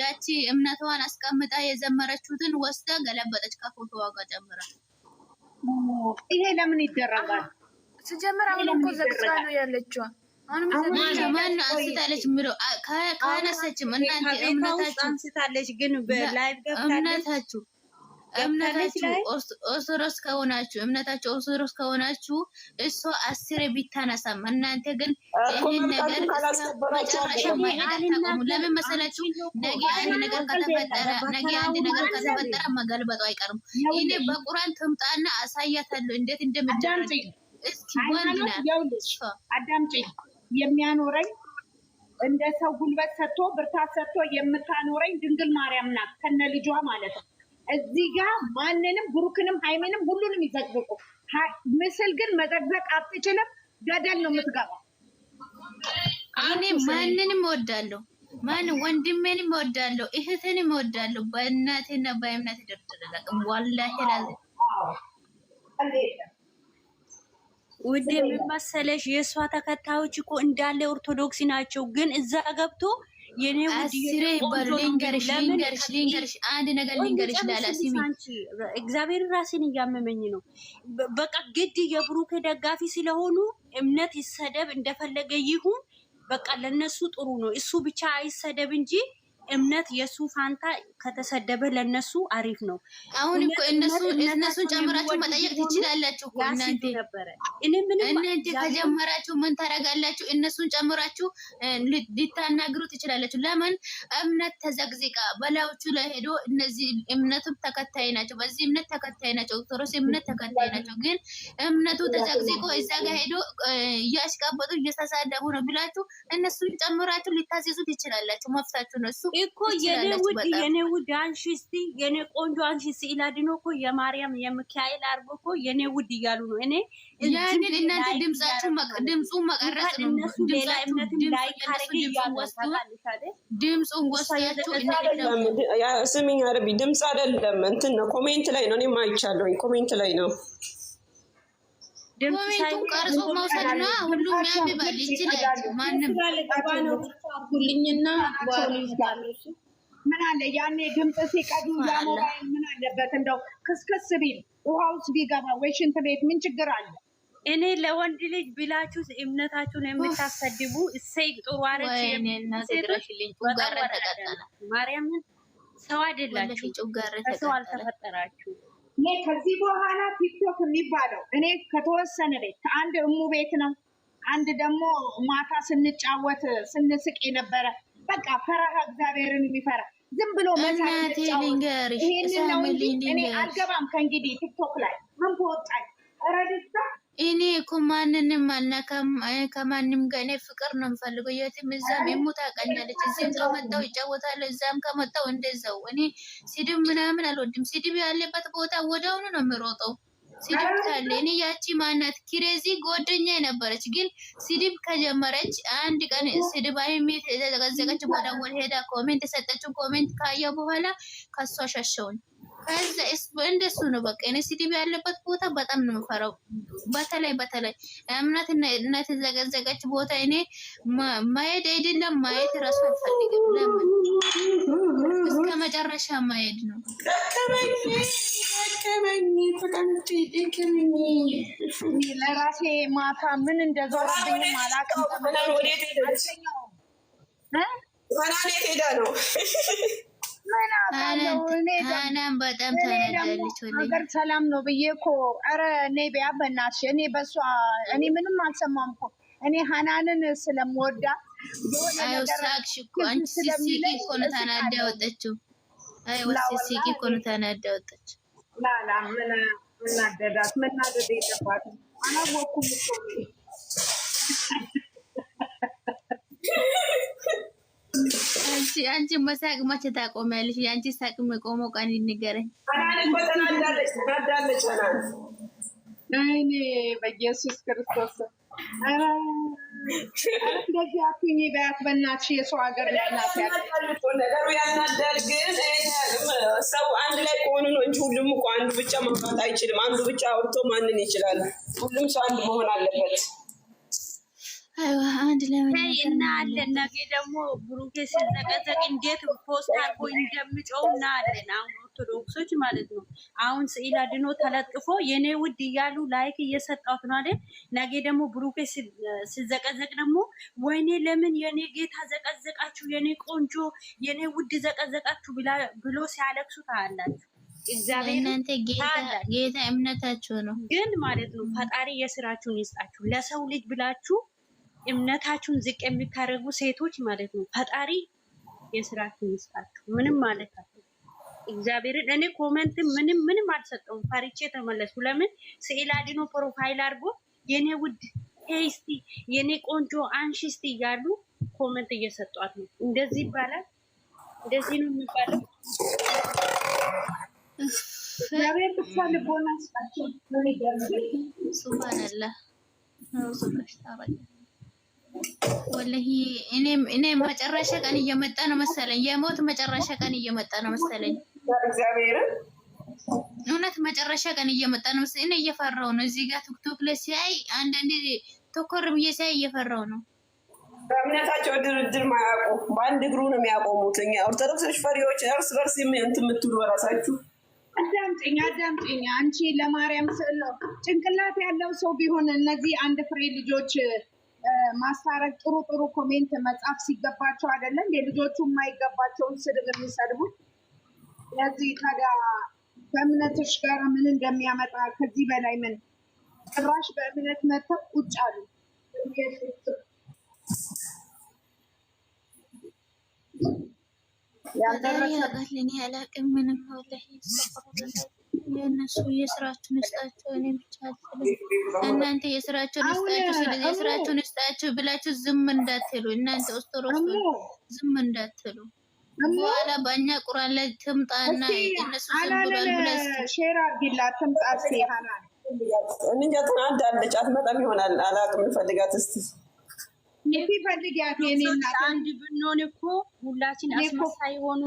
ያቺ እምነቷን አስቀምጣ የዘመረችሁትን ወስዳ ገለበጠች ከፎቶ ዋጋ ጨምራ። ይሄ ለምን ይደረጋል? ስጀምር አሁን እኮ ዘግታ ነው ያለችዋ። ማን አንስታለች? ምሎ ካነሰችም እናንተ እምነታችሁ አንስታለች፣ ግን በላይቭ ገብታለች እምነታችሁ እምነታችሁ ኦርቶዶክስ ከሆናችሁ እምነታችሁ ኦርቶዶክስ ከሆናችሁ እሷ አስሬ ቢታነሳም እናንተ ግን ይህን ነገር መጨረሻ ማይነት ለምን መሰላችሁ? ነገ አንድ ነገር ከተፈጠረ ነገ አንድ ነገር ከተፈጠረ መገልበጡ አይቀርም። በቁራን ትምጣና አሳያታለሁ እንዴት እንደምደረግ። እስኪ አዳምጪኝ የሚያኖረኝ እንደ ሰው ጉልበት ሰጥቶ ብርታት ሰጥቶ የምታኖረኝ ድንግል ማርያም ናት ከነ ልጇ ማለት ነው። እዚህ ጋር ማንንም ብሩክንም ሃይሜንም ሁሉንም ይዘቅዝቁ። ምስል ግን መዘግዘቅ አትችልም። ገደል ነው የምትገባው። እኔ ማንንም እወዳለሁ፣ ማን ወንድሜንም እወዳለሁ፣ እህትንም እወዳለሁ። በእናቴና በእምነት ደርደረላቅም ዋላሂ ላዚ ውድ የምመሰለሽ የእሷ ተከታዮች እኮ እንዳለ ኦርቶዶክስ ናቸው፣ ግን እዛ ገብቶ የኔ ልንገርሽ አንድ ነገር ልንገርሽ፣ ላላ ሲሚ እግዚአብሔር ራሴን እያመመኝ ነው። በቃ ግድ የብሩክ ደጋፊ ስለሆኑ እምነት ይሰደብ እንደፈለገ ይሁን፣ በቃ ለነሱ ጥሩ ነው። እሱ ብቻ አይሰደብ እንጂ እምነት የእሱ ፋንታ ከተሰደበ ለእነሱ አሪፍ ነው። አሁን እኮ እነሱን ጨምራችሁ መጠየቅ ትችላላችሁ እኮ እናንተ ነበረ እናንተ ከጀመራችሁ ምን ታደርጋላችሁ? እነሱን ጨምራችሁ ሊታናግሩ ትችላላችሁ። ለምን እምነት ተዘግዝቃ በላዮቹ ላይ ሄዶ እነዚህ እምነትም ተከታይ ናቸው፣ በዚህ እምነት ተከታይ ናቸው፣ ኦርቶዶክስ እምነት ተከታይ ናቸው። ግን እምነቱ ተዘግዝቆ እዛ ጋር ሄዶ እያሽቃበጡ እየተሳደቡ ነው ብላችሁ እነሱን ጨምራችሁ ሊታዘዙ ትችላላችሁ። መፍታችሁ ነው እሱ እኮ የኔ ውድ የኔ ውድ አንሺ እስቲ የኔ ቆንጆ አንሺ ስዕል አድኖ እኮ የማርያም የሚካኤል አርጎ እኮ የኔ ውድ እያሉ ነው። እኔ ያንን እናንተ ድምጻችሁ ድምጹ መቀረጽ ነው። እነሱ ሌላ እምነት እንዳይካረግ ድምፁን ወሳያቸው ስሚኝ፣ አረቢ ድምፅ አይደለም እንትን ነው። ኮሜንት ላይ ነው። እኔም አይቻለሁኝ ኮሜንት ላይ ነው ቀርጾ መውሰድ ነው። ሁሉም ያምባል ይችላል። ማንም አድርጉልኝና ምን አለ ያኔ ድምፅ ሲቀዱ ያሞራ ምን አለበት? እንደው ክስክስ ቢል ውሃ ውስጥ ቢገባ ወይ ሽንት ቤት ምን ችግር አለ? እኔ ለወንድ ልጅ ብላችሁ እምነታችሁን የምታሰድቡ እሰይ ጥሩ አረች ማርያምን ሰው አይደላችሁ፣ ሰው አልተፈጠራችሁ እኔ ከዚህ በኋላ ቲክቶክ የሚባለው እኔ ከተወሰነ ቤት ከአንድ እሙ ቤት ነው። አንድ ደግሞ ማታ ስንጫወት ስንስቅ የነበረ በቃ ፈራሃ እግዚአብሔርን የሚፈራ ዝም ብሎ መሳት ይሄንን ነው እንጂ እኔ አልገባም ከእንግዲህ ቲክቶክ ላይ ምን በወጣኝ ረድዛ እኔ እኮ ማንንም አልነካም፣ ከማንም ጋር እኔ ፍቅር ነው የምፈልገው። የትም እዛም የሙ ታውቃኛለች። እዚህም ከመጣው ይጫወታል፣ እዛም ከመጣው እንደዛው። እኔ ስድብ ምናምን አልወድም። ስድብ ያለበት ቦታ ወደውኑ ነው የምሮጠው። ስድብ ካለ እኔ ያቺ ማናት ክሬዚ ጓደኛ ነበረች፣ ግን ስድብ ከጀመረች አንድ ቀን ስድብ አይሜት የተዘቀዘቀች ወደ ሄዳ ኮሜንት የሰጠችው ኮሜንት ካየ በኋላ ከሷ ሸሸውኝ። እንደሱ ነው በቃ። እኔ ስድብ ያለበት ቦታ በጣም ነው የምፈራው። በተለይ በተለይ እምነት እና የተዘገዘገች ቦታ እኔ ማየድ አይደለም ማየት ራሱ አልፈልግም። ለምን እስከ መጨረሻ ማየድ ነው። ለራሴ ማታ ምን እንደዞረብኝ አላውቅም። ወዴት ሄደ ነው? ሀናም በጣም ተናዳለች። ሀገር ሰላም ነው ብዬ እኮ ኧረ እኔ ቢያ በእናትሽ እኔ በሷ እኔ ምንም አልሰማም እኮ እኔ ሀናንን ስለምወዳት ሳቅሽ እኮ አንቺ ሲሲቂ እኮ ነው ተናዳ ወጣችው። ሲሲቂ እኮ ነው ተናዳ ወጣች። ላላ ምናደዳት መናደድ የለባትም አላወኩም እኮ አንቺ መሳቅ መቼ ታቆሚያለሽ? የአንቺ ሳቅ የቆመው ቀን ይንገረኝ። በኢየሱስ ክርስቶስ እንደዚህ አትሁኝ በያት፣ በእናትሽ የሰው ሀገር ነገሩ ያናዳል። ግን ሰው አንድ ላይ ከሆኑ ነው እንጂ ሁሉም እኮ አንዱ ብቻ አይችልም። አንዱ ብቻ አውርቶ ማንን ይችላል? ሁሉም ሰው አንድ መሆን አለበት። አንድ እና አለን ነገ ደግሞ ብሩኬ ሲዘቀዘቅ እንዴት ፖስት አድርጎ እንደምጮው እና አለን። አሁን ኦርቶዶክሶች ማለት ነው። አሁን ስዕል አድኖ ተለጥፎ የኔ ውድ እያሉ ላይክ እየሰጣት ነው አለን። ነገ ደግሞ ብሩኬ ሲዘቀዘቅ ደግሞ ወይኔ ለምን የኔ ጌታ ዘቀዘቃችሁ፣ የኔ ቆንጆ፣ የኔ ውድ ዘቀዘቃችሁ ብሎ ሲያለቅሱ ታያላችሁ። እናንተ ጌታ እምነታችሁ ነው። ግን ማለት ነው ፈጣሪ የስራችሁን ይስጣችሁ ለሰው ልጅ ብላችሁ እምነታችሁን ዝቅ የሚታደርጉ ሴቶች ማለት ነው። ፈጣሪ የስራችሁን ይስጣችሁ። ምንም ማለት አለ እግዚአብሔርን እኔ ኮመንት ምንም ምንም አልሰጠውም። ፈርቼ ተመለሱ። ለምን ስዕል አድኖ ፕሮፋይል አድርጎ የኔ ውድ ቴስቲ የኔ ቆንጆ አንሽስቲ እያሉ ኮመንት እየሰጧት ነው። እንደዚህ ይባላል፣ እንደዚህ ነው የሚባለው። እግዚአብሔር ብቻ ልቦና ስጣቸው። ሱባናላ ነው ወላሂ እኔ መጨረሻ ቀን እየመጣ ነው መሰለኝ። የሞት መጨረሻ ቀን እየመጣ ነው መሰለኝ። እግዚአብሔርን እውነት መጨረሻ ቀን እየመጣ ነው መሰለኝ። እኔ እየፈራው ነው። እዚህ ጋር ቲክቶክ ላይ ሲያይ አንዳንዴ ተኮር ብዬ ሲያይ እየፈራው ነው። በእምነታቸው ድርድር ማያውቁ በአንድ እግሩ ነው የሚያቆሙት። እኛ ኦርቶዶክሶች ፈሪዎች እርስ በርስ የምትምትሉ በራሳችሁ አዳምጠኝ አዳምጠኝ፣ አንቺ ለማርያም ስለው ጭንቅላት ያለው ሰው ቢሆን እነዚህ አንድ ፍሬ ልጆች ማስታረቅ ጥሩ ጥሩ ኮሜንት መጻፍ ሲገባቸው አይደለም የልጆቹ የማይገባቸውን ስድብ የሚሰድቡት። ለዚህ ታዲያ ከእምነትሽ ጋር ምን እንደሚያመጣ ከዚህ በላይ ምን ጭራሽ በእምነት መተው ቁጭ አሉ። ያጋት ለኔ ምንም የእነሱ የስራችሁን ስጣችሁ። እኔ ብቻ እናንተ የስራችሁን ስጣችሁ። ስለዚህ የስራችሁን ስጣችሁ ብላችሁ ዝም እንዳትሉ፣ እናንተ ኦርቶዶክስ ዝም እንዳትሉ። በኋላ በእኛ ቁራን ላይ ትምጣና እነሱ ዝም ብሏል ብላ ትምጣ። እኔ እንጃ ትናንት አለች አትመጣም ይሆናል አላውቅም። እንፈልጋት እስኪ አንድ ብንሆን እኮ ሁላችን አስመሳይ ሆኑ።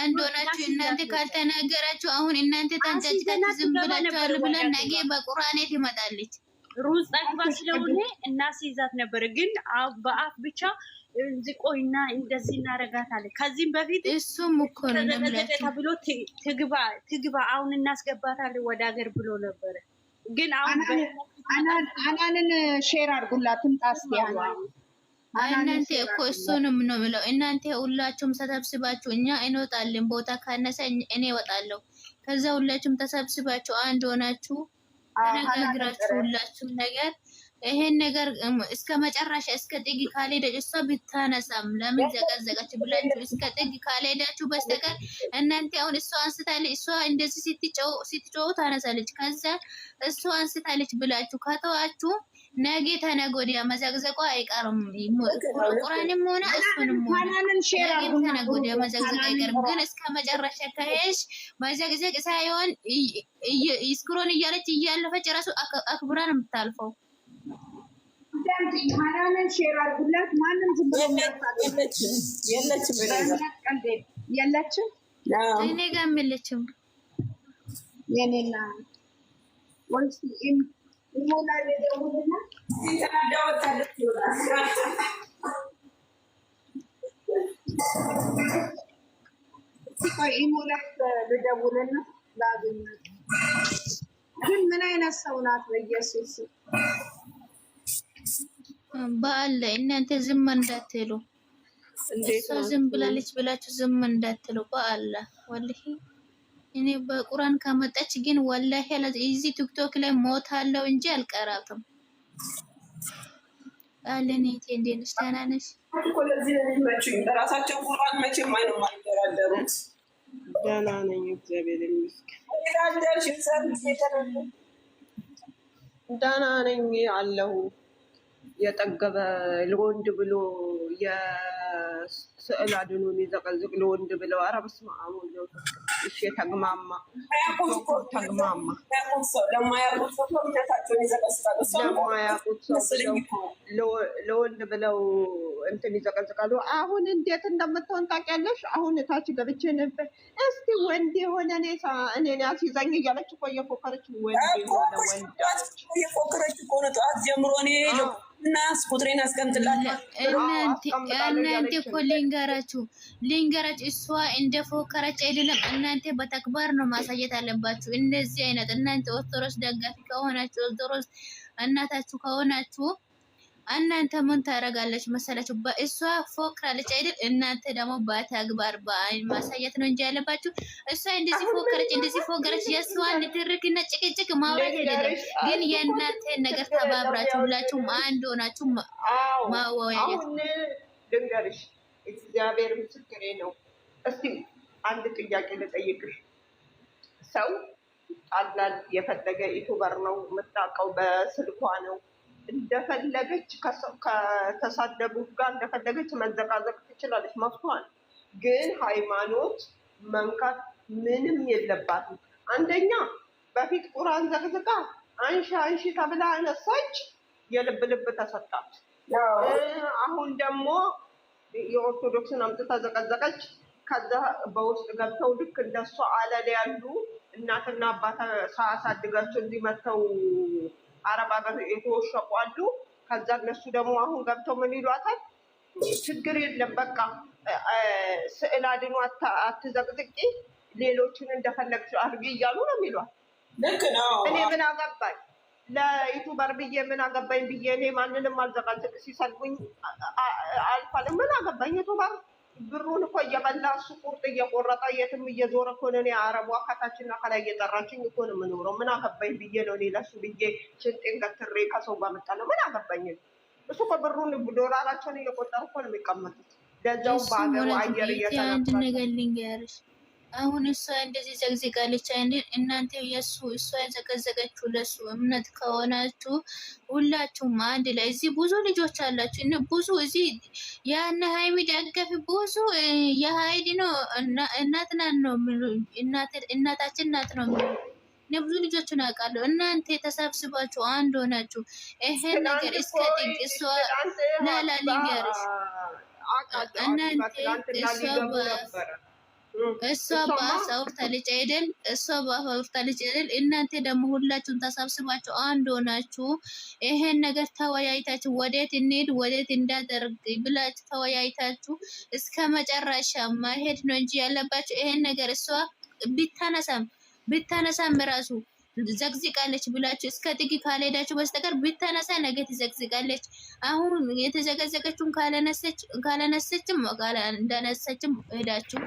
አንድ ሆናችሁ እናንተ ካልተናገራችሁ አሁን እናንተ ታንጫጭታችሁ ዝም ብላችኋል ብለን ነገ በቁራኔት ይመጣለች። ሩዝ ጠግባ ስለሆነ እናስይዛት ነበር፣ ግን በአፍ ብቻ ዝቆይና እንደዚህ እናረጋታለን። ከዚህም በፊት እሱም እኮ ተብሎ ትግባ ትግባ አሁን እናስገባታለን ወደ ሀገር ብሎ ነበረ። ግን አሁን አናንን ሼር አድርጉላት ትምጣ እስኪ እናንተ እኮ እሱንም ነው የምለው። እናንተ ሁላችሁም ተሰብስባችሁ እኛ እንወጣለን፣ ቦታ ካነሰ እኔ እወጣለሁ። ከዛ ሁላችሁም ተሰብስባችሁ አንድ ሆናችሁ ተነጋግራችሁ ሁላችሁም ነገር ይሄን ነገር እስከ መጨረሻ እስከ ጥግ ካልሄደች እሷ ብታነሳም ለምን ዘቀዘቀች ብላችሁ እስከ ጥግ ካልሄዳችሁ በስተቀር እናንተ አሁን እሷ አንስታለች፣ እሷ እንደዚህ ስትጮው ታነሳለች። ከዛ እሷ አንስታለች ብላችሁ ከተዋችሁ ነገ ተነገ ወዲያ መዘግዘቋ አይቀርም። ቁርአንም ሆነ እሱንም ሆነ ነገ ተነገ ወዲያ መዘግዘቋ አይቀርም። ግን እስከ መጨረሻ ከሄድሽ መዘግዘቅ ሳይሆን ስክሮን እያለች እያለፈች ራሱ አክብራን የምታልፈው የለችም። እኔ ጋር የለችም። ልደውልና ላግኛት። ግን ምን አይነት ሰው ናት? በኢየሱስ በዓል እናንተ ዝም እንዳትሉ፣ እሷ ዝም ብላለች ብላችሁ ዝም እንዳትሉ። በዓል እኔ በቁራን ከመጣች ግን ወላሂ እዚህ ቲክቶክ ላይ አለው እንጂ አልቀራትም። አለኔ እቴ እንዴት ነሽ? ደህና ነሽ? ቁራን ማይደራደሩት። ደህና ነኝ እግዚአብሔር ይመስገን። ደህና ነኝ አለሁ። የጠገበ ለወንድ ብሎ የስዕል አድኖን የዘቀዝቅ ለወንድ ብለው ኧረ በስመ አብ ወወልድ እሺ፣ ተግማማ ለወንድ ብለው እንትን ይዘቀዝቃሉ። አሁን እንዴት እንደምትሆን ታውቂያለሽ? አሁን እታች ገብቼ ነበር። እስቲ ወንድ የሆነ እኔን ያስይዘኝ እያለች እኮ እየፎከረች ወንድ የሆነ ወንድ እየፎከረች እኮ ጠዋት ጀምሮ እኔ እናስ ቁጥሬን አስቀምጥላችሁ እናንተ እኮ ልንገራችሁ ልንገራችሁ እሷ እንደፎከረች አይደለም። እናንተ በተግባር ነው ማሳየት አለባችሁ። እነዚህ አይነት እናንተ ኦርቶዶክስ ደጋፊ ከሆናችሁ ኦርቶዶክስ እናታችሁ ከሆናችሁ እናንተ ምን ታደርጋለች መሰላችሁ? በእሷ ፎክራለች አይደል? እናንተ ደግሞ በተግባር በአይን ማሳየት ነው እንጂ ያለባችሁ። እሷ እንደዚህ ፎከረች፣ እንደዚህ ፎከረች። የእሷን ንትርክና ጭቅጭቅ ማውራት አይደለም፣ ግን የእናንተ ነገር ተባብራችሁ ሁላችሁም አንድ ሆናችሁ ማወያየት። ልንገርሽ፣ እግዚአብሔር ምስክሬ ነው። እስቲ አንድ ጥያቄ ልጠይቅሽ። ሰው ጣላል የፈለገ ኢቱበር ነው የምታውቀው፣ በስልኳ ነው እንደፈለገች ከተሳደቡ ጋር እንደፈለገች መዘቃዘቅ ትችላለች፣ መፍቷል። ግን ሃይማኖት መንካት ምንም የለባትም። አንደኛ በፊት ቁራን ዘቅዝቃ አንሺ አንሺ ተብላ አነሳች፣ የልብ ልብ ተሰጣት። አሁን ደግሞ የኦርቶዶክስን አምጥታ ዘቀዘቀች። ከዛ በውስጥ ገብተው ልክ እንደሷ አለል ያሉ እናትና አባት ሳያሳድጋቸው እንዲህ መጥተው አረብ ሀገር የተወሸቁ አሉ። ከዛ እነሱ ደግሞ አሁን ገብተው ምን ይሏታል? ችግር የለም በቃ ስዕል አድኖ አትዘቅዝቂ፣ ሌሎችን እንደፈለግሽ አድርጊ እያሉ ነው የሚሏት። እኔ ምን አገባኝ ለዩቱበር ብዬ ምን አገባኝ ብዬ እኔ ማንንም አልዘቃዝቅ ሲሰድቡኝ አልፋል። ምን አገባኝ ዩቱበር ብሩን እኮ እየበላ እሱ ቁርጥ እየቆረጠ የትም እየዞረ እኮ ነው። እኔ አረቧ ከታችና ከላይ እየጠራችኝ እኮ ነው የምኖረው። ምን አገባኝ ብዬ ነው እኔ ለሱ ብዬ ሽንጤን ገትሬ ከሰው ጋር ነው። ምን አገባኝ እሱ እኮ ብሩን ዶላራቸውን እየቆጠሩ እኮ ነው የሚቀመጡት። ደዛው በአገሩ አየር እየተነፈ ነገር ልንገርሽ አሁን እሷ እንደዚህ ዘግዝጋለች አይደል? እናንተ የሱ እሷ የዘገዘገችው ለሱ እምነት ከሆናችሁ ሁላችሁም አንድ ላይ እዚህ ብዙ ልጆች አላችሁ። እነ ብዙ እዚህ ያነ ሀይሚ ደገፍ ብዙ የሀይድ ነው እናትና ነው እናታችን እናት ነው እነ ብዙ ልጆችን አውቃለሁ። እናንተ ተሰብስባችሁ አንድ ሆናችሁ ይሄን ነገር እስከ ጥንቅ እሷ ላላ ሊገርሽ እናንተ እሷ እሷ በአሳውር ተልጭ አይደል? እሷ በአሳውር ተልጭ አይደል? እናንተ ደግሞ ሁላችሁም ተሰብስባችሁ አንድ ሆናችሁ ይሄን ነገር ተወያይታችሁ ወዴት እንሂድ ወዴት እንዳደርግ ብላችሁ ተወያይታችሁ እስከ መጨረሻ መሄድ ነው እንጂ ያለባችሁ ይሄን ነገር እሷ ብታነሳም ብታነሳም ራሱ ዘግዝቃለች ብላችሁ እስከ ጥግ ካልሄዳችሁ በስተቀር ብትነሳ ነገ ትዘግዝቃለች። አሁን የተዘገዘቀችውን ካለነሰችም እንደነሰችም ሄዳችሁ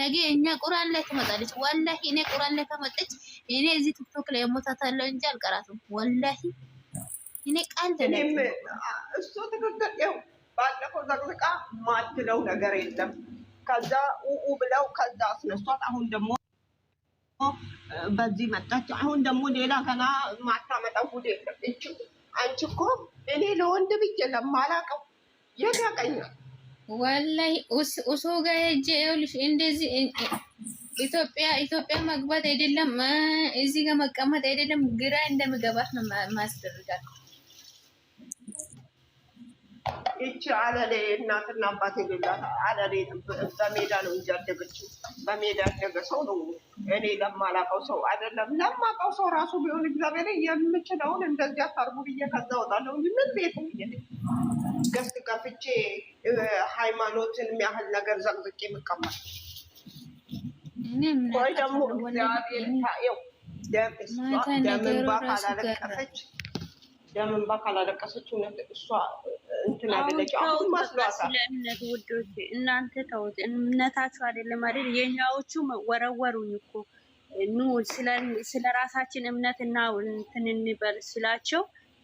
ነገ እኛ ቁራን ላይ ትመጣለች። ወላሂ እኔ ቁራን ላይ ከመጠች እኔ እዚህ ቲክቶክ ላይ የሞታታለው እንጂ አልቀራትም። ወላሂ እኔ ቃል እሱ ትክክል ው ባለፈው ዘግዝቃ ማትለው ነገር የለም። ከዛ ኡኡ ብለው ከዛ አስነሷት። አሁን ደግሞ በዚህ መጣች። አሁን ደግሞ ሌላ ገና ማታመጣው ጉድ የለም። አንቺ እኮ እኔ ለወንድ ብዬ ለማላቀው የት ያቀኛል? ወላሂ እሱ ጋር ሄጄ ይኸውልሽ፣ እንደዚህ ኢትዮጵያ ኢትዮጵያ መግባት አይደለም እዚህ ጋር መቀመጥ አይደለም፣ ግራ እንደምገባት ነው ማስደርጋል ይቺ አለሌ እናትና አባት የሌላት አለሌ በሜዳ ነው እንጂ ያደገችው በሜዳ ያደገ ሰው ነው። እኔ ለማላቀው ሰው አይደለም፣ ለማቀው ሰው ራሱ ቢሆን እግዚአብሔር የምችለውን እንደዚያ ታርጉ ብዬ ከዛ ወጣለሁ። ምን ቤት ገስ ከፍቼ ሃይማኖትን የሚያህል ነገር ዘቅዝቄ የምቀመጥ ወይ ደግሞ እግዚአብሔር ታየው ደምን ባካላለቀሰች ደምን ባ ካላለቀሰች እሷ እንትን አደለች። አሁን ማስሏታል። እምነት ውዶች እናንተ ተውት፣ እምነታችሁ አይደለም አይደል? የኛዎቹ ወረወሩኝ እኮ ኑ ስለ ራሳችን እምነት እና እንትን እንበል ስላቸው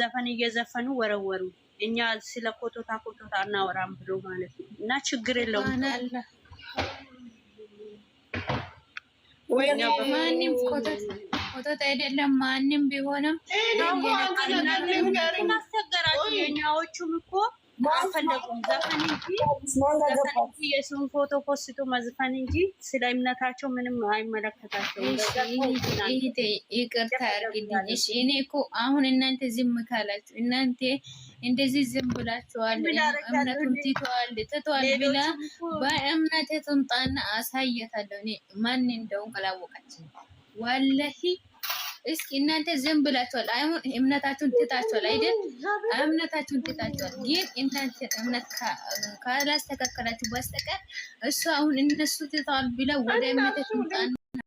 ዘፈን እየዘፈኑ ወረወሩ። እኛ ስለ ኮቶታ ኮቶታ እናወራም ብሎ ማለት ነው። እና ችግር የለውም ማንም ኮቶታ ወተት አይደለም ማንም ቢሆንም አስቸገራችሁ። የኛዎቹም እኮ አልፈለጉም ዘፈን እንጂ የሱን ፎቶ ፖስቶ መዝፈን እንጂ ስለ እምነታቸው ምንም አይመለከታቸውም። ይቅርታ አድርግልኝ። እኔ እኮ አሁን እናንተ ዝም ካላችሁ እናንተ እንደዚህ ዝም ብላችኋል፣ እምነቱን ትተዋል ትተዋል ብላ በእምነት ትምጣና አሳየታለሁ እኔ ማን እንደውም ካላወቃችን ወላሂ እስኪ እናንተ ዝም ብላችኋል። አይሁን እምነታችሁን ትታችኋል አይደል? እምነታችሁን ትታችኋል። ግን እናንተ እምነት ካላስተካከላችሁ በስተቀር እሱ አሁን እነሱ ትተዋል ብለው ወደ እምነታችሁ